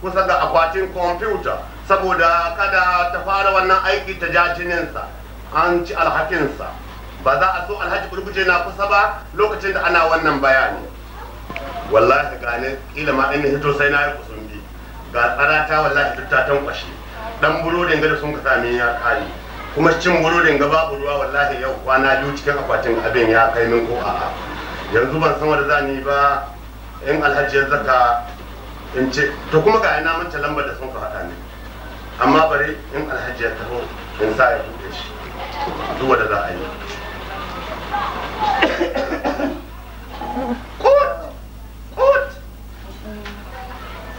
kusa da akwatin kwamfuta saboda kada ta fara wannan aiki ta ja jininsa an ci alhakinsa ba za a so alhaji burbuje na kusa ba lokacin da ana wannan bayani wallahi gane kila ma ɗin hito sai na yi kusumbi ga tsarata wallahi duk ta tankwashe dan burodin ga da sun kasa min ya kare kuma cin burodin ga babu ruwa wallahi yau kwana biyu cikin akwatin abin ya kai min ko a'a yanzu ban san wanda za ni ba in alhaji ya zaka in ce to kuma ga ina manta lambar da sun faɗa ne amma bari in alhaji ya taho in sa ya buɗe shi duk wanda za a yi kut kut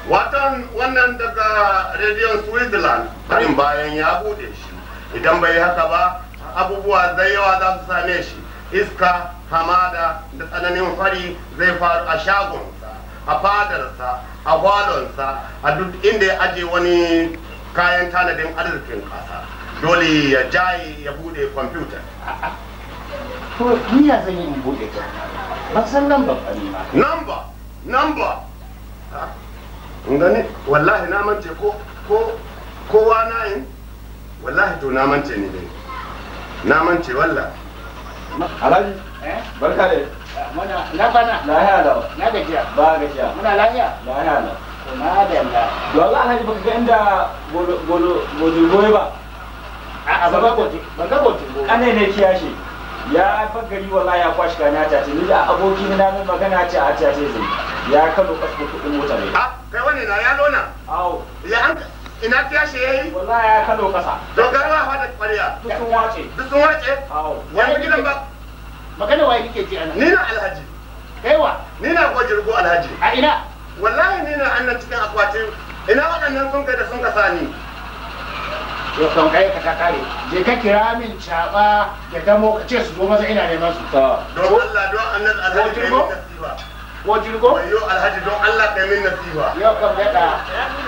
watan wannan daga rediyon switzerland harin bayan ya buɗe shi idan bai haka ba abubuwa zai yawa za su same shi iska hamada da tsananin fari zai faru a shagon a fadarsa a gwadonsa a duk inda ya aje wani kayan tanadin arzikin kasa dole ya jaye ya bude kwamfuta to ni ya zan yi bude ta ba san lamba ba ni ma lamba lamba ngani wallahi na mance ko ko kowa na yin wallahi to na mance ne dai na mance wallahi alhaji barka da muna na lahiya lau na gajiya ba gajiya muna lahiya lahiya lau kuma da yalla to Allah alhaji baka ga inda bolo bolo goyi ba a a ba kane ne ya bagari wallahi ya kwashi kana ta ce ni da aboki na mun magana ce a ta ce zai ya kano kasko kudin mota ne a kai wani na ya lona ya an ina kiyashi yayi wallahi ya kano kasa dogarwa fa da kwariya dukun wace dukun wace wani gidan ba magana waye kike ji ana ni na alhaji kaiwa ni na gojirgo alhaji a ina wallahi ni na annan cikin akwatin ina waɗannan sun kai da sun kasa ni to kan kai ka kare je ka kira min chaba da damo ka ce su zo maza ina neman su to don Allah don annan alhaji ne ka tsiba ko jirgo yo alhaji don Allah kai mai nasiba yau kam gada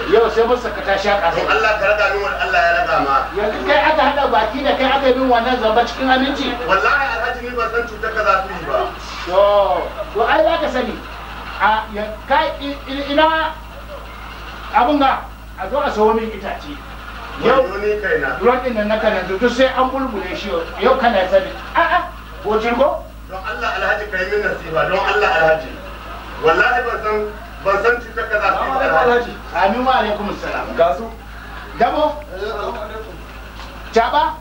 yau sai mun saka ta sha don Allah ka raga min wani Allah ya raga ma yanzu kai aka hada baki da kai aka yi min wannan zamba cikin aminci wallahi alhaji ni ban san cutar ka za su yi ba to to ai za ka sani a kai ina abun ga a zo a sawo min itace yau ruwan din nan na kanan duk sai an bulbule shi yau kana sani a'a ko jirgo don Allah alhaji kai min nasiba don Allah alhaji wallahi ban san ban san ci ka za ta yi alhaji amin wa alaikum salam ga dabo eh, jaba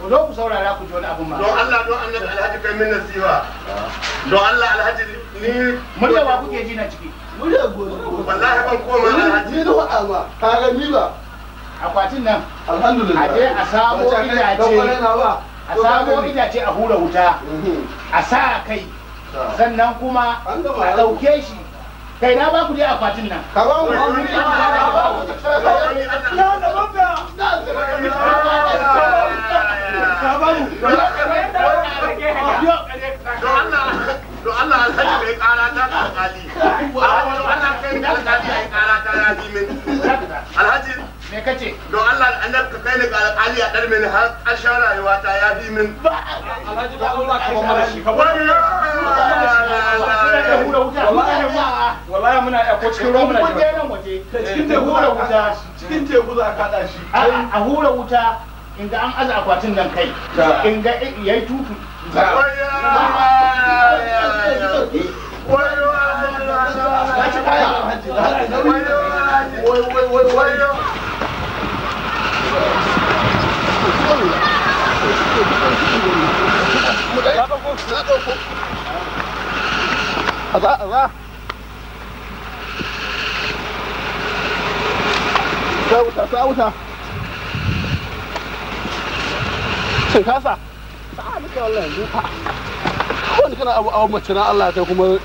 ku zo ku saurara ku ji wani abun ma don Allah don annabi alhaji kai min nasiha ah. don Allah alhaji ni murya wa kuke ji na ciki murya gobe wallahi ban koma alhaji ni da wa'ama kaga ni ba akwatin nan alhamdulillah aje a samo itace a samo itace a hura wuta mhm. a sa kai sannan kuma a ɗauke shi kai na baku ku dai akwatin nan ka ba mu ne ka ba mu alhaji me kace do Allah annab ka kai ni ga alƙali a dar mini har ƙarshen rayuwata ya bi min alhaji ba Allah ka ba shi ka ba wallahi muna ya ko cikin ruwan muna ji cikin teku a hura wuta in ga an aza akwatin nan kai in ga yayi tutu Wai wai A za, a za. Sai wuta, ta wuta. Sai kasa. Ta duka Wani kana abu abu mace na Allah kai kuma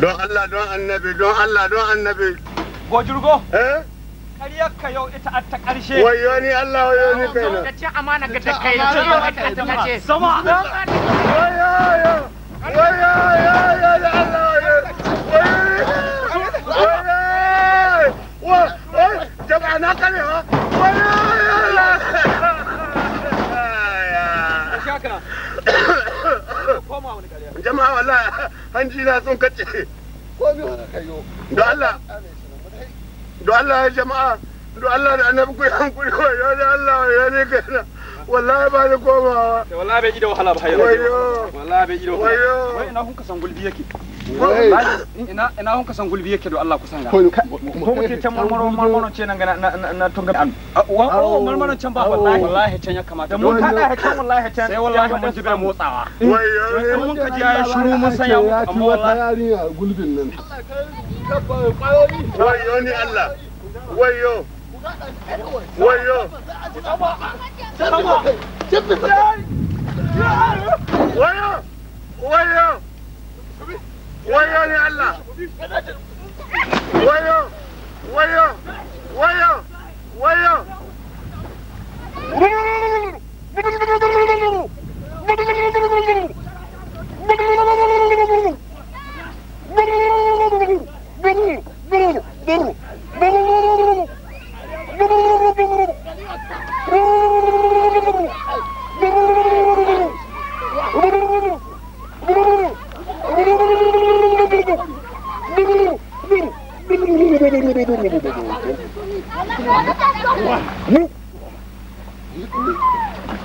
don Allah don annabi don Allah don annabi gojirgo eh ka yau ita a ta ƙarshe wayo ni Allah wayo ni kaina da ce amana ga ta kai ce ta ce sama wayo yo wayo yo Allah wayo wayo wayo jama'a na kare ha jama'a wala hanji na sun kace ko biyu ka Allah don Allah jama'a do Allah da annabi ku hankuri ko yo da Allah ya ne kana wallahi ba ni komawa wallahi bai ji da wahala ba hayo wallahi bai ji da wahala wai na hunka kasan gulbi yake ina ina gulbi yake do Allah kusan ga ko muke marmaro ce nan ga na an wa marmaro can ba wallahi wallahi can ya kamata mun ka da can wallahi can sai wallahi mun ji motsawa wai mun ya shiru mun san ya amma Allah wayo wayo wayo ويلي على ويو ويو ويو ويو Boom!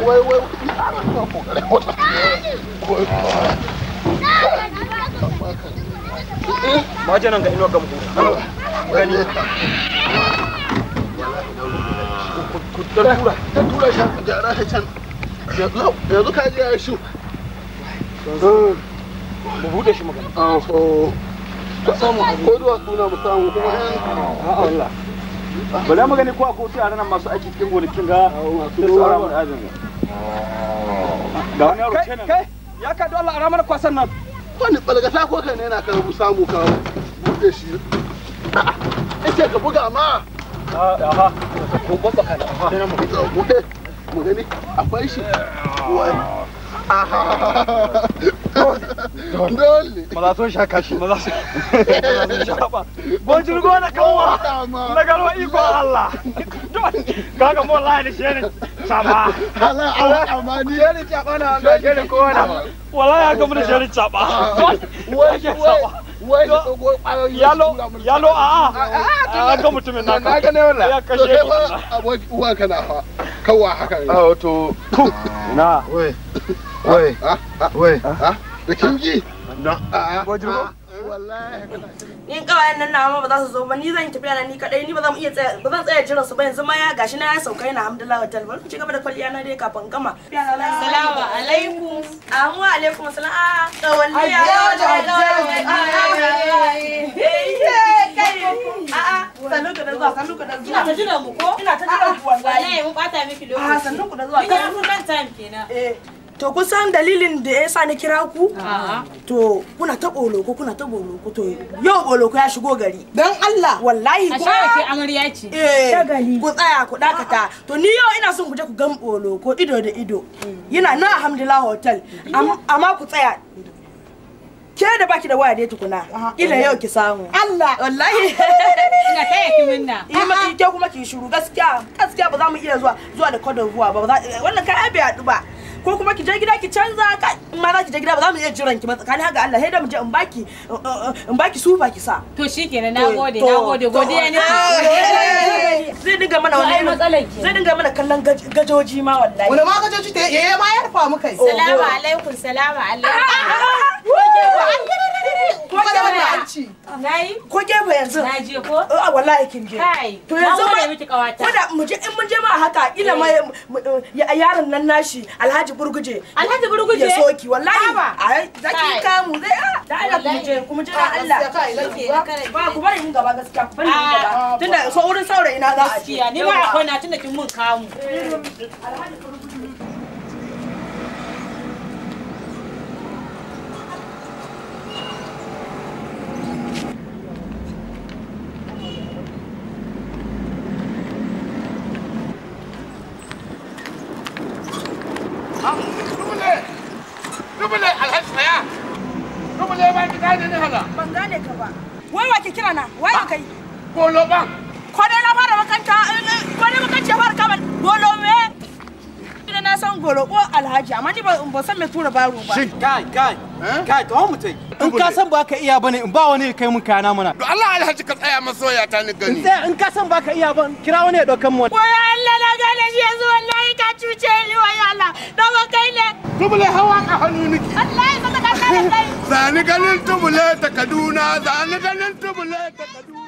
wai wai ma ga ino gani ku tura tura shan ta can yanzu ka ji ya shi mu bude shi magana ko mu samu kuma a'a bari mu gani ko akwai wasu yaran masu aiki cikin gonakin ga masu tsara mu azumi ga wani yaro kenan kai ya ka dole a ramar kwasan nan wani balgata ko kai ne yana ka samu kawo buɗe shi ita ka buga ma aha ah, ko babba kana aha buɗe mu gani akwai shi ah. wai aha ah, dole maza sun sha kashi maza sun sha ba bojin gona na iko Allah dole kaga mu Allah ne shi ne saba Allah amani shi ne na Allah wai da dogo kwayoyi yalo yalo a a a a nan nawa ba za su zo ba ni zan tafiya na ni kadai ni ba zan iya tsaya ba zan tsaya jiran su ba yanzu ma ya gashi na ya sauka yana alhamdulillah hotel ba ci gaba da kwalliya na dai kafin gama assalamu alaikum assalamu alaikum assalamu alaikum ina ta jira mu ko ina ta jira ku wallahi mu bata miki lokaci a sannan ku da zuwa kai mun nan time kenan eh to kun san dalilin da yasa na kira ku to kuna ta boloko kuna ta boloko to yau boloko ya shigo gari dan Allah wallahi ku a ke amarya ce eh, shagali ku tsaya ku dakata to ni yau ina son ku je ku gan boloko ido da ido yana na alhamdulillah hotel amma ku tsaya ke da baki da waya ne tukuna ina yau ki samu Allah wallahi ina kai ki minna eh, ma ki kuma ki shiru gaskiya gaskiya ba za mu iya zuwa zuwa da kodon ruwa ba wannan kai bai haɗu ba ko kuma ki je gida ki canza ka ma za ki je gida ba za mu iya jiran ki ba haka Allah sai da mu je in baki in baki su baki sa to shikenan nagode nagode godiya ne wani ma wallahi wani ma gajoji eh, ma ya rufa mu kai salamu alaikum salamu alaikum ah, ah, ah! ko yanzu na je ko a wallahi kin je to yanzu ma ko da mu je in ma haka ma eh. yaron nan nashi Alhaji Burguje Alhaji Burguje ya wallahi a zaki kamu zai a ah, da Allah ku je ku je Allah ba ku bari mun gaba gaskiya ku bari mun gaba tunda so wurin saurayi na za a je ni ma akwai na tunda kin mun kamu eh. zo ba ki kaje ne haka. Ban gane ka ba. Wai wa ki kira na? Wai ka yi? Bolo ba. Ko dai na fara makanta, eh, eh, ko dai makanta fara bolo me? Ina na san ko Alhaji, amma ni ba san me tura baro ba. Shin kai kai. Eh? Kai In ka san ba ka iya bane, in ba wani kai mun kana mana. To Allah Alhaji ka tsaya masoya ta ni gani. In ka san ba ka iya ban, kira wani ya daukan mu. Wai Allah na gane shi yanzu wallahi ka cuce ni wai Allah. Dan kai ne. Dubule hawa ka hannu niki. Allah ya saka ka kare zani ganin tubule ta kaduna zani ganin tubule ta kaduna